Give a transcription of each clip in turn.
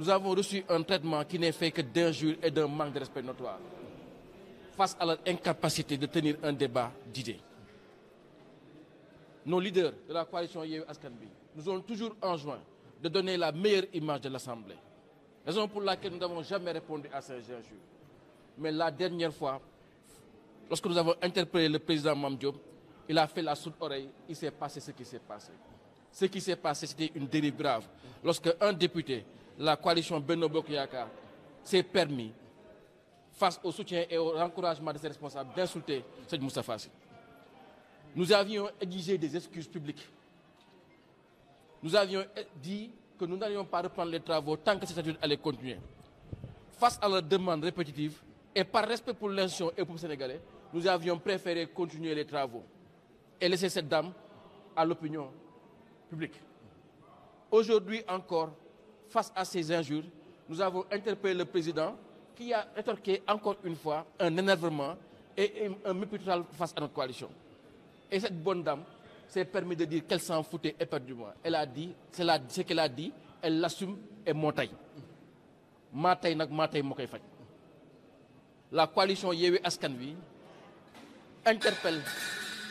nous avons reçu un traitement qui n'est fait que d'injures et d'un manque de respect notoire face à leur incapacité de tenir un débat d'idées. Nos leaders de la coalition Yewwi Askan Wi nous ont toujours enjoint de donner la meilleure image de l'Assemblée. Raison pour laquelle nous n'avons jamais répondu à ces injures. Mais la dernière fois, lorsque nous avons interpellé le président Mame Diop, il a fait la sourde oreille, il s'est passé ce qui s'est passé. un député la coalition Benno Bokk Yakaar s'est permis face au soutien et au encouragement de ses responsables d'insulter Sëñ Moustapha Sy nous avions exigé des excuses publiques nous avions dit que nous n'allions pas reprendre les travaux tant que cette attitude allait continuer face à la demande répétitive et par respect pour l'institution et pour les Sénégalais nous avions continuer les travaux et laisser cette dame à l'opinion publique aujourd'hui encore face à ces injures, nous avons interpellé le président qui a rétorqué encore une fois un énervement et un mépris total face à notre coalition. Et cette bonne dame s'est permis de dire qu'elle s'en foutait éperdument. Elle a dit, c'est ce qu'elle a dit, elle l'assume et moo tey maa tey nag maa tey moo koy la coalition Yewwi Askan Wi interpelle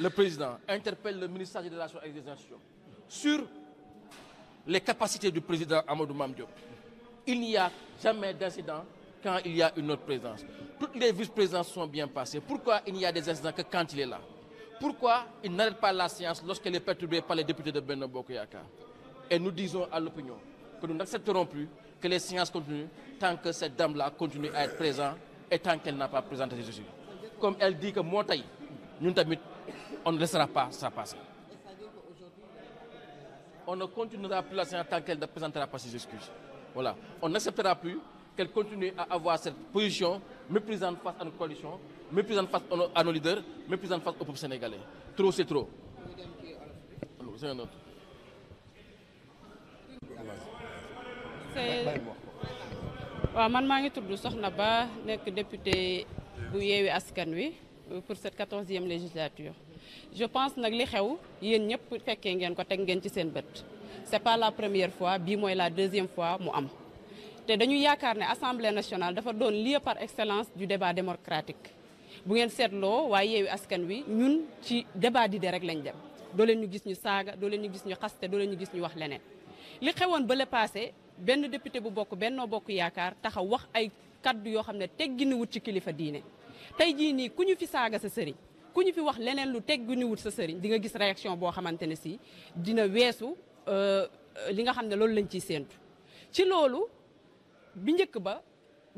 le président interpelle le ministre chargé des relations avec les institutions les capacités du président Amadou Mame il n'y a jamais d'incident quand il y a une autre présidence toutes les vice-présidences sont bien passées pourquoi il n'y a des incidents que quand il est là pourquoi il n'arrête pas la séance lorsqu'elle est perturbée par les députés de Benno Bokk Yakaar et nous disons à l'opinion que nous n'accepterons plus que les séances continuent tant que cette dame-là continue à être présente et tant qu'elle n'a pas présenté ses excuses comme elle dit que moo tey ñun tamit on ne laissera pas on ne continuera plus la en tant qu'elle ne présentera pas ses excuses. Voilà. On n'acceptera plus qu'elle continue à avoir cette position méprisante face à nos coalitions, méprisante face à nos, à nos leaders, méprisante face au peuple sénégalais. Trop, c'est trop. C'est un man maa ngi tudd Soxna Ba nekk député bu yeewi askan wi euh, pour cette quatorzième législature je pense nag li xew yéen ñëpp fekkee ngeen ko teg ngeen ci seen bët c'est pas la première fois bii mooy la deuxième fois mu am te dañu yaakaar ne assemblée nationale dafa doon lieu par excellence du débat démocratique bu ngeen seetloo waaye yeewi askan wi ñun ci débat d'idées rek lañ dem doo leen ñu gis ñu saaga doo leen ñu gis ñu xaste doo leen ñu gis ñu wax leneen li xewoon ba le passé benn député bu bokk Benno Bokk Yaakaar taxaw wax ay kaddu yoo xam ne tegginuwut ci kilifa diine tey jii nii ku ñu fi saaga sa sëriñ ku ñu fi wax leneen lu tegginu wut sa sëriñ di nga gis réaction boo xamante ne si dina weesu euh, li nga xam ne loolu lañ ciy séentu ci loolu bi njëkk ba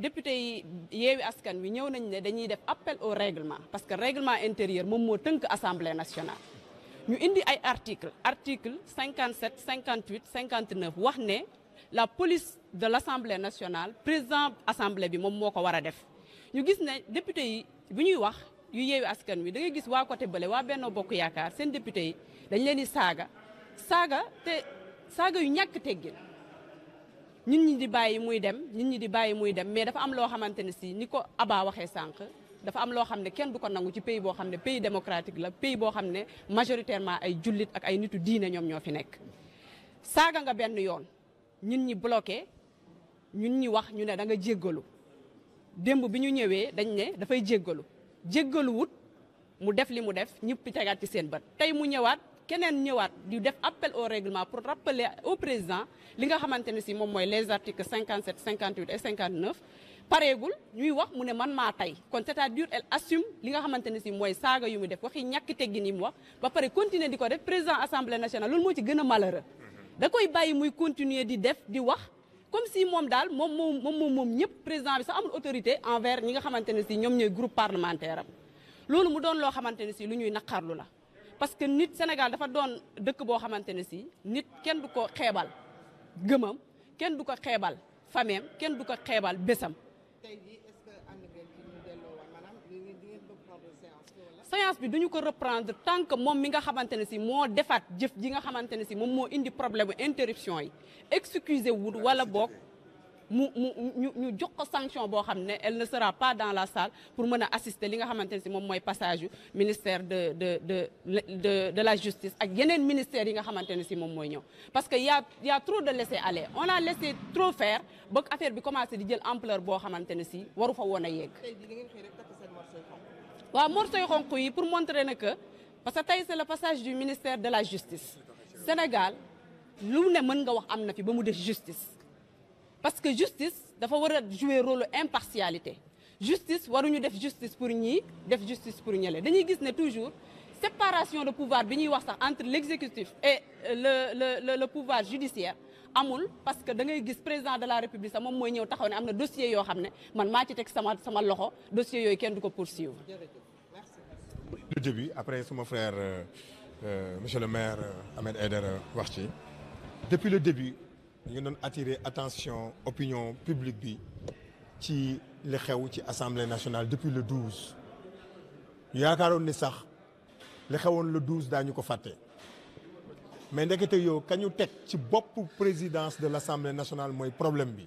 député yi yeewi askan wi ñëw nañ ne dañuy def appel au règlement parce que réglement intérieur moom moo tënk assemblée nationale ñu indi ay article article 57 58 59 wax ne la police de l'assemblée nationale président assemblée bi moom moo ko war a def ñu gis ne député yi bu ñuy wax yu yeewi askan wi da ngay gis waa côté bële waa Benno Bokk Yaakaar seen député yi dañ leen di saaga saaga te saaga yu ñàkk teggin ñun ñi di bàyyi muy dem ñun ñi di bàyyi muy dem mais dafa am loo xamante ne si ni ko Aba waxee sànq dafa am loo xam ne kenn du ko nangu ci pays boo xam ne pays démocratique la pays boo xam ne majoritairement ay jullit ak ay nitu diine ñoom ñoo fi nekk saaga nga benn yoon ñun ñi bloqué ñun ñi wax ñu ne danga nga jéggalu démb bi ñu ñëwee dañ ne dafay jéggalu jéggaluwut mu def li mu def ñëpp tegaat ci seen bët tey mu ñëwaat keneen ñëwaat di def appel au règlement pour rappeler au président li nga xamante ne si moom mooy les articles 57 58 et 59 pareegul ñuy wax mu ne man maa tey kon c'est-à-dire assume li nga xamante ne si mooy saaga yu mu def waxi ñàkk teggin yi mu wax ba pare continuer di ko def président assemblée nationale loolu moo ci gën a malheureux da koy bàyyi muy continuer di def di wax comme si moom daal moom moom moom moom ñëpp président bi sa amul autorité envers ñi nga xamante ne si ñoom ñooy groupe parlementaire am loolu mu doon loo xamante ne si lu ñuy naqarlu la parce que nit Sénégal dafa doon dëkk boo xamante ne si nit kenn du ko xeebal gëmam kenn du ko xeebal fameem kenn du ko xeebal bésam séance bi duñu ko reprendre tant que moom mi nga xamante ne si moo defaat jëf ji nga xamante ne si moom moo indi problème interruption yi excusez wul wala boog mu mu ñu ñu jox ko sanction boo xam ne elle na sera pas dans la salle pour mën a assister li nga xamante ne si moom mooy passage yu ministère de de la justice ak yeneen ministères yi nga xamante ne si moom mooy ñëw. parce que ya a y' a trop de laisser aller on a laissé trop faire ba affaire bi commencé di jël ampleur boo xamante ne si waru fa woon a yegg. waaw morceau yu xonq yi pour montrer na que parce que tey c'est le passage du ministère de la justice Sénégal lu ne mën nga wax am na fi ba mu def justice parce que justice dafa war a jouer rôle impartialité justice ñu def justice pour ñii def justice pour ñële dañuy gis ne toujours séparation de pouvoir bi ñuy wax sax entre l'exécutif et le le le pouvoir judiciaire amul parce que da ngay gis président de la république sax moom mooy ñëw taxaw ne am na dossier yoo xam ne man maa ci teg sama sama loxo dossier yooyu kenn du ko poursuivre. le début après suma frère euh, euh, monsieur le maire euh, Ahmed Aïdara wax ci depuis le début ñu ngi doon attention opinion publique bi ci li xew ci assemblée nationale depuis le 12 yaakaaroon ni sax li xewoon le 12 daañu ko fàtte. mais ndekete yow kañu teg ci bopp présidence de l'Assemblée nationale mooy problème bi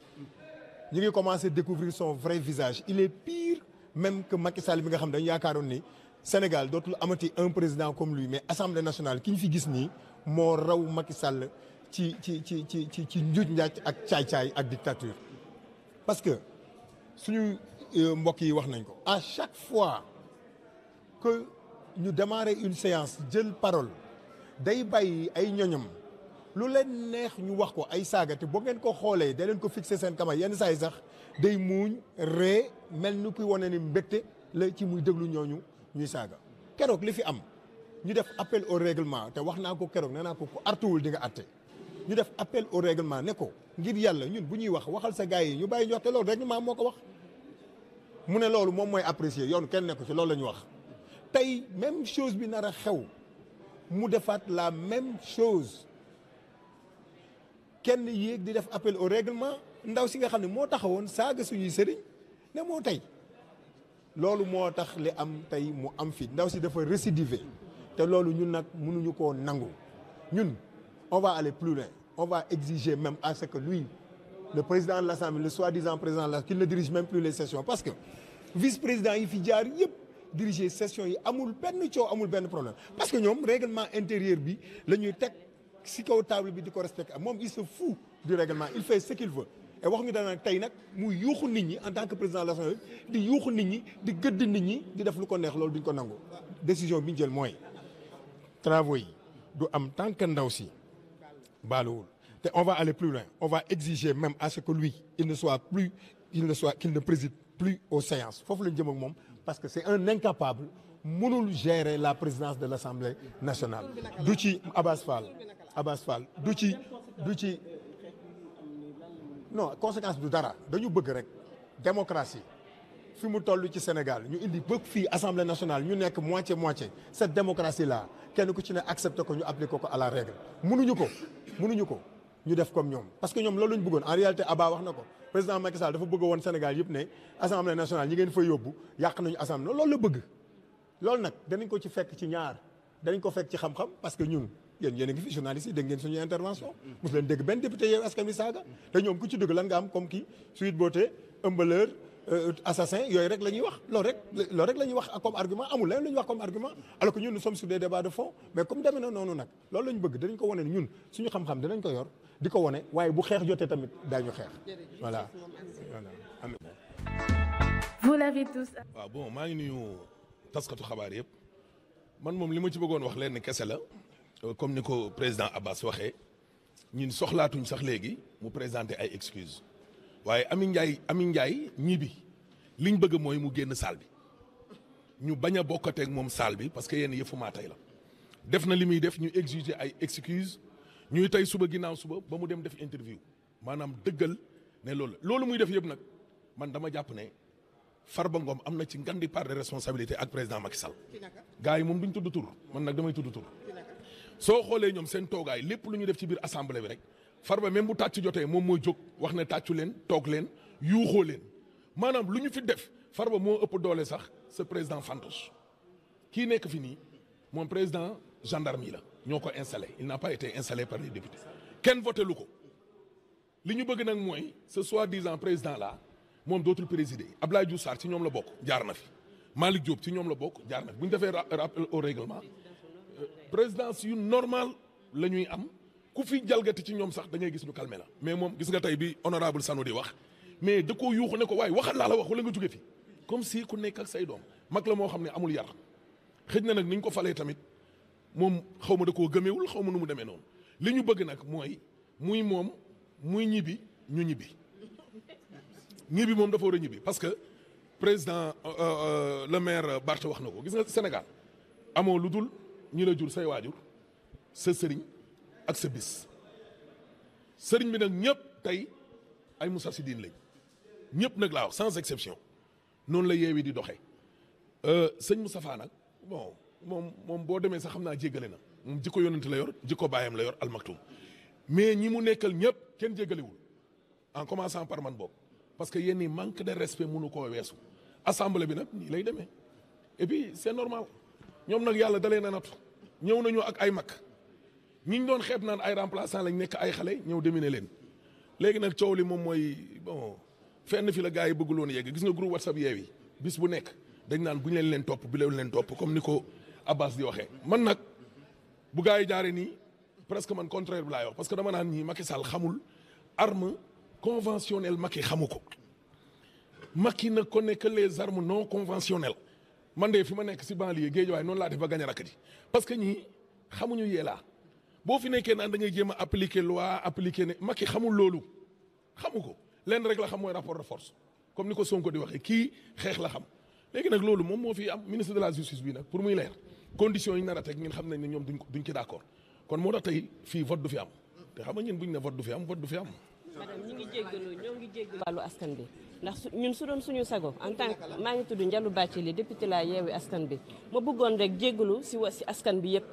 ñu ngi commencé découvrir son vrai visage il est pire même que Macky Sall bi nga xam dañu yaakaaroon ni Sénégal dootul amati un président comme lui mais Assemblée nationale ki ñu fi gis nii moo raw Macky Sall ci ci ci ci ci ci njuuj njaaj ak caay-caay ak dictature parce que suñu euh, mbokk yi wax nañ ko à chaque fois que ñu démarrer une séance jël parole day bàyyi ay ñoñam lu leen neex ñu wax ko ay saaga te boo ngeen ko xoolee da leen ko fixé seen kama yenn saa yi sax day muuñ ree mel ni kuy wane ni mbégte la ci muy déglu ñooñu ñuy saaga keroog li fi am ñu def appel au règlement te wax naa ko keroog nee naa ko ku artuwul di nga atte ñu def appel au règlement ne ko ngir yàlla ñun bu ñuy wax waxal sa gars yi ñu bàyyi ñu wax te loolu règlement moo ko wax mu ne loolu moom mooy apprécier yoon kenn nekku ci loolu la ñu wax tey même chose bi nar a xew mu defaat la même chose kenn yéeg di def appel au règlement ndaw si nga xam ne moo woon saaga suñuy sëriñ ne moo tey loolu moo tax li am tey mu am fi ndaw si dafa récidiver te loolu ñun nag mënuñu koo nangu ñun on va aller plus loin on va exiger même à ce que lui le président de l'Assemblée le soi-disant président de l'Assemblée qu'il dirige même plus les sessions parce que vice-président yi fi jaar yëpp diriger session yi amul benn coow amul benn problème parce que ñoom règlement intérieur bi lañuy teg si kaw table bi di ko respecté moom il se fout du règlement il fait ce qu'il veut et wax ñu dana tey nag mu yuuxu nit ñi en tant que président de l'Assemblée di yuuxu nit ñi di gëdd nit ñi di def lu ko neex loolu duñ ko nangu décision bi ñu jël mooy travaux yi du am tant ndaw si baaluwul te on va aller plus loin on va exiger même à ce que lui il ne soit plus il ne soit qu'il ne foofu lañ jëm ak moom parce que c'est un incapable mënul gérer la présidence de l'Assemblée nationale du ci Abass Fall du ci du ci non conséquence du dara dañu bëgg rek démocratie fi mu toll ci Sénégal ñu indi bëgg fii assemblée nationale ñu nekk moitié moitié cette démocratie là kenn ku ci ne accepté ko ñu appliqué ko à la règle mënuñu ko mënuñu ko ñu def comme ñoom parce que ñoom loolu lañu bëggoon en réalité Abba wax na ko président Macky Sall dafa bëgg woon Sénégal yëpp ne assemblée nationale ñi ngeen fa yóbbu yàq nañu assemblée loolu la bëgg. loolu nag danañ ko ci fekk ci ñaar danañ ko fekk ci xam-xam parce que ñun yéen yéen a ngi fi journaliste yi dégg ngeen suñu intervention. mos leen dégg benn député yow askan wi saaga. te ñoom ku ci dugg lan nga am comme kii Sweet Beauté ëmbaleur Euh, assassin yooyu rek la ñuy wax loolu rek loolu rek la ñuy a comme argument amul leneen lu wax comme argument alors que ñun nous sommes sur des débats de fond mais comme demee na noonu nag loolu la ñu bëgg dinañ ko wane ñun suñu xam-xam ko yor di ko wane waaye bu xeex jotee tamit daañu xeex voilà voilà amiin vous bon maa ngi nuyu taskatu xabaar yëpp man moom li ma ci bëggoon wax leen kese la euh, comme ni ko président Abbas waxee ñun soxlaatuñ sax léegi mu présenter ay excuses waaye Ami Ndiaye Ami Ndiaye ñii bi liñ bëgg mooy mu génn salle bi ñu bañ a bokkateeg moom salle bi parce que yéen yëfu maa la def na li muy def ñu exiger ay excuse ñuy tey suba ginnaaw suba ba mu dem def interview maanaam dëggal ne loolu loolu muy def yëpp nag man dama jàpp ne Farba Ngom am na ci ngandi part de responsabilité ak président Macky Sall. gars yi moom duñ tudd tur man nag damay tudd tur. soo xoolee ñoom seen toogaay lépp lu ñu def ci biir assemblée bi rek. far ba même bu tàcc jotee moom mooy jóg wax na tàccu leen toog leen yuuxoo leen maanaam lu ñu fi def far ba moo ëpp doole sax sa président Fantos kii nekk fi nii moom président gendarmerie la ñoo ko installé il n'a pas été installé par les députés kenn voté lu ko li ñu bëgg nag mooy ce soi-disant président là moom dootul présider Abdoulaye Diouf Sarr ci ñoom la bokk jaar na fi Malick Diop ci ñoom la bokk jaar na fi bu ñu defee rappel au règlement euh, présidence yu normal la ñuy am ku fi jalgati ci ñoom sax da gis ñu calmé la mais moom gis nga tey bi honorable Sano di wax mais da koo yuuxu ne ko waaye waxal laa la wax wala nga jóge fi comme si ku nekk ak say doom mag la moo xam ne amul yar xëj na nag ni ñu ko falee tamit moom xaw ma da koo gëmewul xaw ma nu mu demee noonu li ñu bëgg nag mooy muy moom muy ñibbi ñu ñibbi ñibbi moom dafa war a ñibbi parce que président euh, euh, euh, le maire Barth wax na ko gis nga Sénégal amoo lu dul ñi la jur say waajur sa sëriñ ak sa bis sëriñ bi nag ñëpp tey ay Moussa Sidine lañ ñëpp nag laa wax sans exception noonu la yeewi di doxee euh, sëñ mu Moustapha nag bon moom moom boo demee sax xam naa jéggale na moom jikko yonent la yor jikko baayam la yor almaktum mais ñi mu nekkal ñëpp kenn jéggalewul en commençant par man boobu parce que yenn manque de respect munu koo weesu assemblée bi nag nii lay demee et puis c'est normal ñoom nag yàlla dalee na nattu ñëw nañu ak ay mag ñi ñu doon xeeb naan ay remplaçant lañ nekk ay xale ñëw demine leen léegi nag coow li moom mooy bon fenn fi la gars yi bëggul woon yegg gis nga groupe whatsapp yeew yi bis bu nekk dañ naan bu ñu leen leen topp bu leen leen topp comme ni ko Abbas di waxee. man nag bu gars yi jaaree nii presque man contraire bi laay wax parce que dama naan ñii Macky Sall xamul arme conventionnelle Macky xamu ko ki na ko nekk les armes non conventionnelles man de fi ma nekk si banlieue Guédiawaye noonu laa def ba gañ a rakk parce que ñii xamuñu yéelaa boo fi nekkee naan da ngay jéem a appliquer loi appliquer ne Macky xamul loolu xamu ko lenn rek la xam mooy rapport de force comme ni ko Sonko di waxee kii xeex la xam léegi nag loolu moom moo fi am ministre de la justice bi nag pour muy leer conditions yi nar a teg ñun xam nañ ne ñoom duñ ko duñ ci d'accord kon moo tax tey fii vote du fi am te xam nga ñun buñ ne vote du fi am vote du fi am. madame ñi ngi jéggalu ñoo ngi jéggalu wàllu askan bi ndax su ñun su doon suñu sago en tant que maa ngi tudd Ndiallo Bathily député la yeewi askan bi ma si wa bi yëpp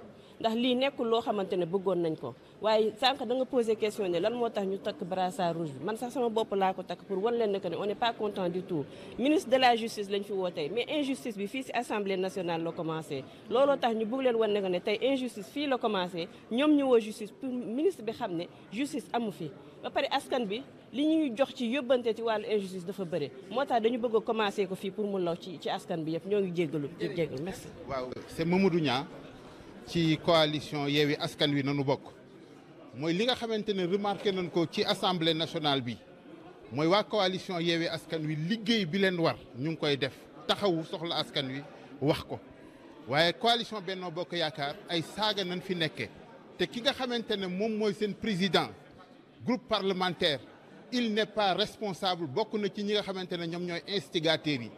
ndax lii nekkul loo xamante ne bëggoon nañ ko waaye sànq da nga posé question ne lan moo tax ñu takk brassard rouge bi man sax sama bopp laa ko takk pour wan leen ne que ne on n'est pas content du tout ministre de la justice lañ fi woo tey mais injustice bi fii ci assemblée nationale la commencé looloo tax ñu bëgg leen wan ne que ne tey injustice fii la commencé ñoom ñëwoo justice pour ministre bi xam ne justice amu fi ba pare askan bi li ñuy jox ci yóbbante ci wàllu injustice dafa bëri moo tax dañu bëgg commencé ko fii pour mu law ci ci askan bi yëpp ñoo ngi jéggalu jéggalu merci waaw c'est Mamadou Niang ci coalition Yewwi Askan Wi nanu bokk mooy li nga xamante ne remarqué nañ ko ci assemblée nationale bi mooy waa coalition Yewwi Askan Wi liggéey bi leen war ñu ngi koy def taxawu soxla askan wi wax ko waaye coalition Benno Bokk Yaakaar ay saaga nañ fi nekkee te ki nga xamante ne moom mooy seen président groupe parlementaire il n'est pas responsable bokk na ci ñi nga xamante ne ñoom ñooy instigateurs yi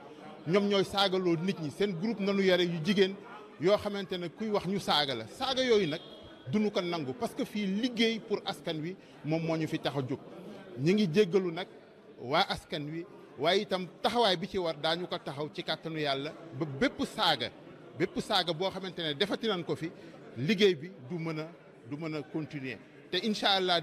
ñoom ñooy saagaloo nit ñi seen groupe nanu yare yu jigéen yoo xamante ne kuy wax ñu saaga la saaga yooyu nag duñu ko nangu parce que fii liggéey pour askan wi moom moo ñu fi tax a jóg ñu ngi jéggalu nag waa askan wi waaye itam taxawaay bi ci war daañu ko taxaw ci kàttanu yàlla ba bépp saaga bépp saaga boo xamante ne defati nañ ko fi liggéey bi du mën a du mën a continuer te incha allah